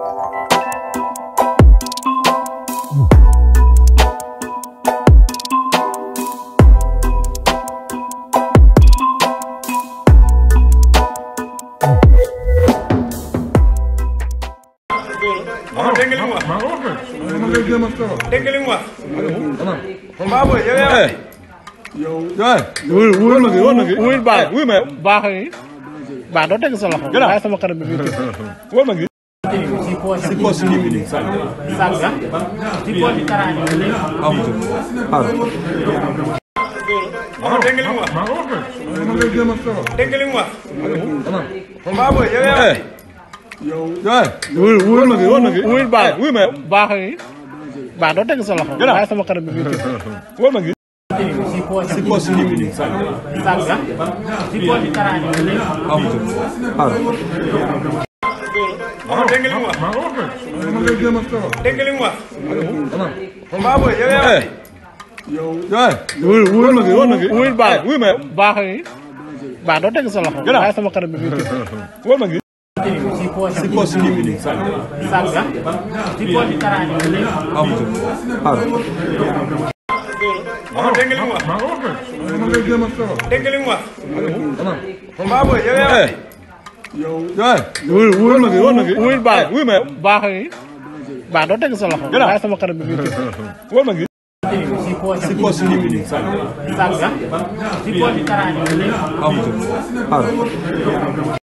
dégg nga li mu wax. maa booy yow yaa ngi. yow wuyu wuyu na wuyu na wuyu baax wuyu ma baax na baax doo teg sa loxo. gannaaw waaye sama kanam bi muy tëj. si poche di salga di poche taraani dégg nga li mu wax dégg nga li mu wax baa booy yow yaa wul wul ma gi wul ma gi wul baax wul ma baax yi baax doo teg sa loxo waaye sama kanam bi wul ma gi si poche di salga di poche taraani waaw dégg nga li mu wax. waaw waaw kay. dégg nga li mu wax. baaboo yow yaa wax. yow eh. eh. wuy wuy ma wuy baax wuy ma baax yi baax doo teg sa loxo. gannaaw waaye sama kanam bi muy tëj. wuy ma gi. si poche si poche bi nii sànq. si poche taraani bi léegi. waaw dégg nga li mu wax. dégg nga li mu wax. baaboo yow yaa wax. Eh. yow wul ma wul ma wul baax wul ma baax ngi baax doo teg sa loxo waaye sama kanam bi ma ngi sa